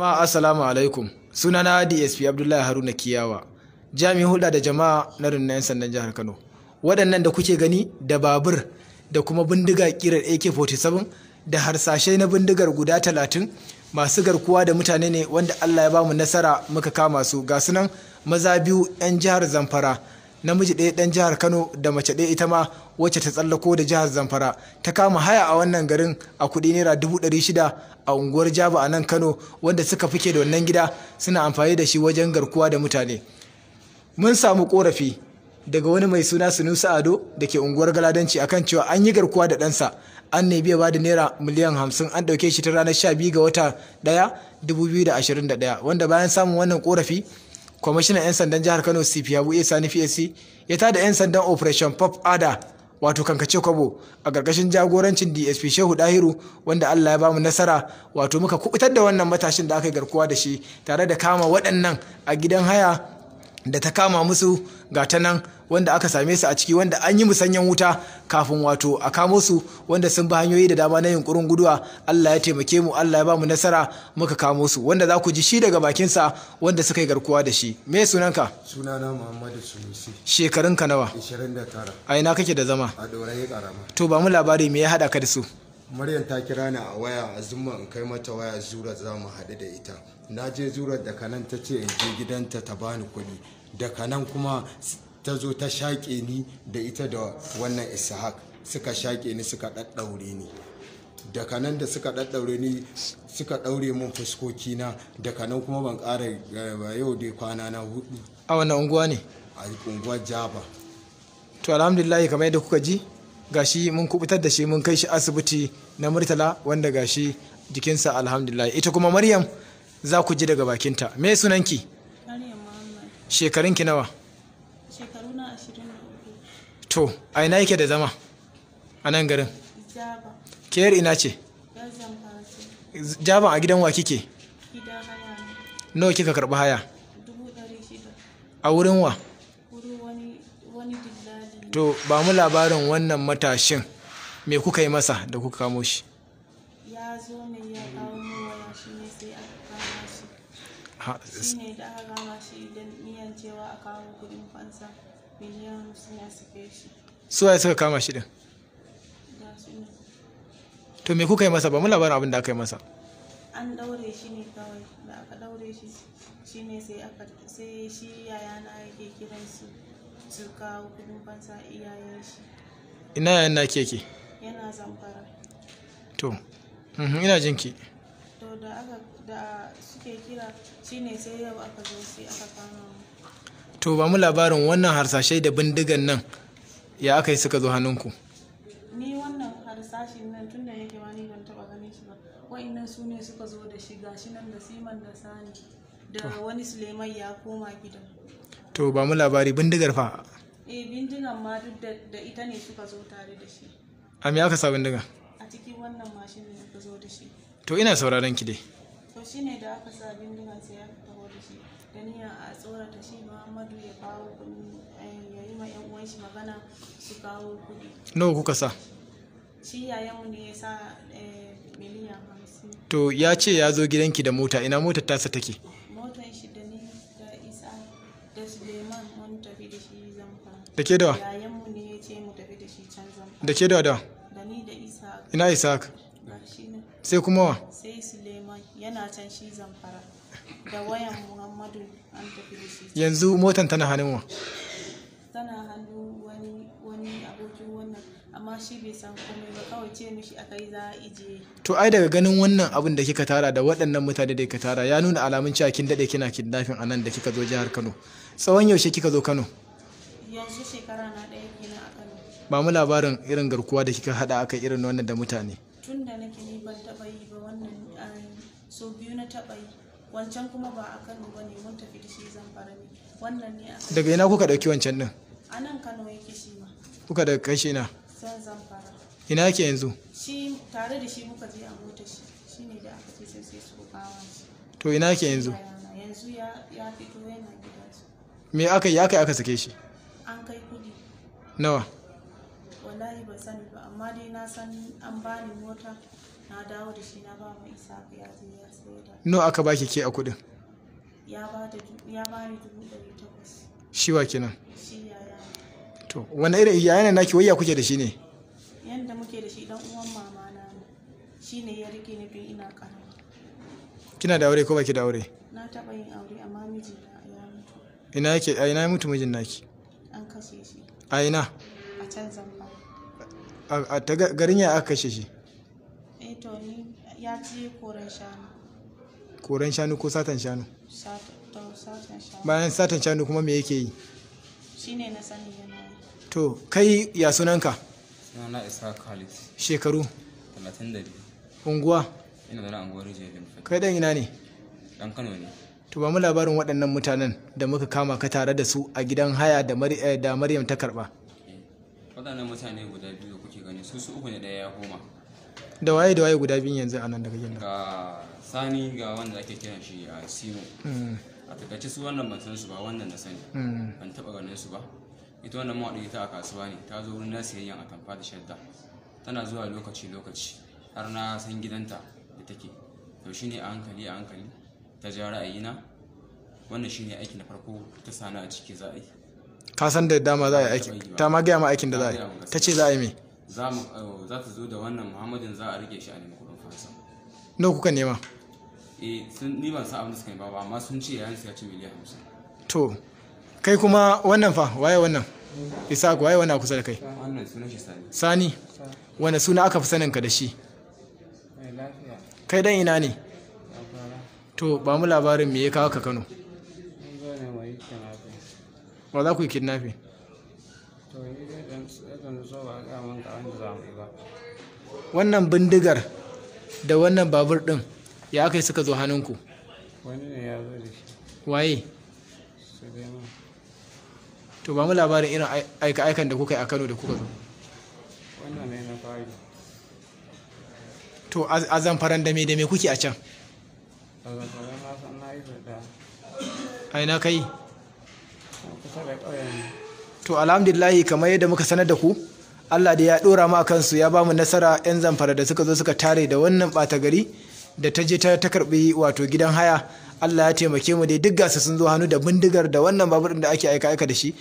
Jama'a assalamu alaikum. suna na DSP Abdullahi Haruna Kiyawa. Jami'in hulɗa da jama'a na rundunar sandan jihar Kano. Waɗannan da kuke gani da babur da kuma bindiga kirar AK-47 da harsashe na bindigar guda talatin masu garkuwa da mutane ne wanda Allah ya ba mu nasara muka kama su ga sunan maza biyu 'yan jihar Zamfara namiji ɗaya ɗan jihar kano da mace ɗaya ita ma wacce ta tsallako da jihar zamfara ta kama haya a wannan garin a kuɗi naira dubu ɗari shida a unguwar jaba a nan kano wanda suka fike da wannan gida suna amfani da shi wajen garkuwa da mutane mun samu korafi daga wani mai suna sunusa ado da ke unguwar galadanci akan cewa an yi garkuwa da ɗansa an ne biya bada naira miliyan hamsin an ɗauke shi ta ranar sha biyu ga wata ɗaya dubu biyu da ashirin da ɗaya wanda bayan samun wannan korafi kwamishinan 'yan sandan jihar kano cp yabu isa ni psc ya tada 'yan sandan operation pop ada wato kankace kwabo a ƙarƙashin jagorancin dsp shehu dahiru wanda allah ya bamu nasara wato muka kubutar da wannan matashin da aka yi garkuwa da shi tare da kama waɗannan a gidan haya da ta kama musu ga ta nan wanda aka same su a ciki wanda an yi musanyen wuta kafin wato a kamo su wanda sun bi hanyoyi da dama na yunkurin guduwa Allah ya taimake mu Allah ya ba mu nasara muka kamo su wanda za ku ji shi daga bakinsa wanda suka yi garkuwa da shi me sunanka sunana Muhammadu Sunusi shekarun ka nawa 29 a kake da zama a dorayi karama to ba mu labari me ya hada ka da su Maryam ta kira ni a waya a zuma in kai mata waya zura za mu haɗu da ita na je zura da nan ta ce in je gidanta ta bani kuɗi da kanan kuma ta zo ta shaƙe ni da ita da wannan ishaq suka shaƙe ni suka ɗaɗɗaure ni daga nan da suka ɗaɗɗaure ni suka ɗaure min fuskoki na daga nan kuma ban ƙara eh, yau dai kwana na hudu a wannan unguwa ne a unguwa jaba to alhamdulillah kamar yadda kuka ji gashi mun kubutar da shi mun kai shi asibiti na murtala wanda gashi jikinsa alhamdulillah ita kuma maryam za ku ji daga bakinta me sunanki shekarunki nawa to a ina yake da zama a nan garin jaba kiyar ina ce jaban a gidan wa kike Gidan haya nawa kika karɓi haya a wurin wa to ba mu labarin wannan matashin me kuka yi masa da kuka kamo shi ya zo ne ya kawo waya shi ne sai aka kama shi shi ne da aka kama shi idan niyan cewa a kawo kuɗin fansa su waye suka kama shi din to me kuka yi masa ba mu labarin abin da aka yi masa an daure shi ne kawai da aka daure shi shi ne sai aka sai shi yaya na yake kiran su su kawo kudin fansa iyayen shi ina yayan na keke yana zamfara to mhm, ina jinki to da aka da suke kira shi ne sai yau aka zo sai aka kama mu to ba mu labarin wannan harsashai da bindigan nan ya aka yi suka zo hannunku ni wannan harsashin nan tun da yake wani ban taba ganin shi ba wa'annan su ne suka zo da shi gashi nan da siman da sani da wani suleiman ya koma gidan to ba mu labari bindigar fa eh bindigan ma duk da ita ne suka zo tare da shi a me aka sa bindigan a cikin wannan mashin ne suka zo da shi to ina sauraron ki dai to shine da aka sa bindigan sai aka taho da shi da niyyar a tsorata shi Muhammadu ya kawo kuɗi eh, ya yi ma 'yan uwan shi magana su kawo kuɗi. Nawa kuka sa? Shi yayanmu ne ya sa eh, miliyan hamsin. To ya ce ya zo gidanki da mota ina motar tasa take? Motar shi da ni da Isa da Suleiman mun tafi da shi zamfa. Da ke dawa? Yayanmu ne ya ce mu tafi da shi can zamfa. Da ke dawa dawa? Da ni da Isa. Ina Isa? sai kuma wa sai suleiman yana can shi zamfara da wayan muhammadu an tafi da shi yanzu motan tana hannun wa tana hannu wani wani abokin wannan amma shi bai san komai ba kawai ce mishi a kai za a ijiye to ai daga ganin wannan abin da kika tara da waɗannan mutane da kika tara ya nuna alamun cewa kin dade kina kidnapping a nan da kika zo jihar Kano tsawon yaushe kika zo Kano yanzu shekara na ɗaya kenan a Kano ba mu labarin irin garkuwa da kika hada aka irin wannan da mutane tun da nake ni ban taɓa yi ba wannan eh, so biyu na taɓa yi wancan kuma ba a kano ba ne mun tafi da shi zamfara ne wannan ne a daga ina kuka ɗauki wancan ɗin a nan kano yake shi ma kuka daga kashi na san zamfara ina yake yanzu shi tare da shi muka je a mota shi shi ne da aka ce sai sai su kawo to ina yake yanzu yanzu ya ya fito yana gidansu me aka yi aka yi aka sake shi an kai kudi nawa no. amma dai na san an bani mota na dawo da shi na ba mai isa ya je ya sayar da nawa aka baki ke a kudin ya ba da ya ba ni dubu ɗari takwas shi wa kenan shi yaya to wani irin yaya ne naki waya kuke da shi ne yanda muke da shi dan uwan mama na ne shi ne ya rike ni bin ina karama kina da aure ko baki da aure na taɓa yin aure amma miji ya mutu ina yake a ina ya mutu mijin naki an kashe shi a ina a can zama a garin ya aka kashe shi eh ni ya ci koren shanu koren shanu ko satan shanu bayan satan shanu kuma me yake yi shine na sani yana to kai ya sunanka sunana isa khalid shekaru 32 unguwa ina zana unguwar jelin kai dan ina ne dan kano ne to ba mu labarin waɗannan mutanen da muka kama ka tare da su a gidan haya da eh, maryam ta karɓa eh, waɗannan mutane guda biyu gani su su uku da ɗaya ya koma da waye da waye guda biyun yanzu a nan daga yin ga sani ga wanda ake kira shi a uh, sino mm. a takaice su wannan ban san su ba wannan na sani mm. ban taɓa ganin su ba ita wannan mawaɗi ta a kasuwa ne ta zo wurin nasiyayyan a tamfa da shadda tana zuwa lokaci lokaci har na san gidanta da take to shine a hankali a hankali ta ja ra'ayina wannan shine aiki na farko ta sani a ciki za a yi ka san da dama za a yi aiki ta ma gaya ma aikin da za a yi ta ce za a yi me Oh, za ta zo da wannan muhammadin za a rike shi a nemi kudin fansa nawa kuka nema eh sun nima sa abin da suka yi ba amma sun ce yayin ya ci miliyan hamsin. to kai kuma wannan fa waye wannan isa waye wannan kusa da kai wannan suna shi sani sani wanda suna aka fi sanin ka da shi kai dan ina ne to ba mu labarin me ya kawo ka Kano ba za ku yi kidnapping wannan bindigar da wannan babur din ya aka yi suka zo hannunku wani ne ya zo da shi waye to ba mu labarin irin aika-aikan da kuka yi a kano da kuka zo wannan ne na fari to a zamfaran da mai da me kuke a can a zamfaran na san na yi da ai na kai kusa da ne to alhamdulillahi kamar yadda muka sanar da ku Allah da ya dora mu akan su ya ba mu nasara yan zamfara da suka zo suka tare da wannan bata gari da ta je ta karbi wato gidan haya Allah ya taimake mu dai duk gasa sun zo hannu da bindigar da wannan babur da ake aika aika da shi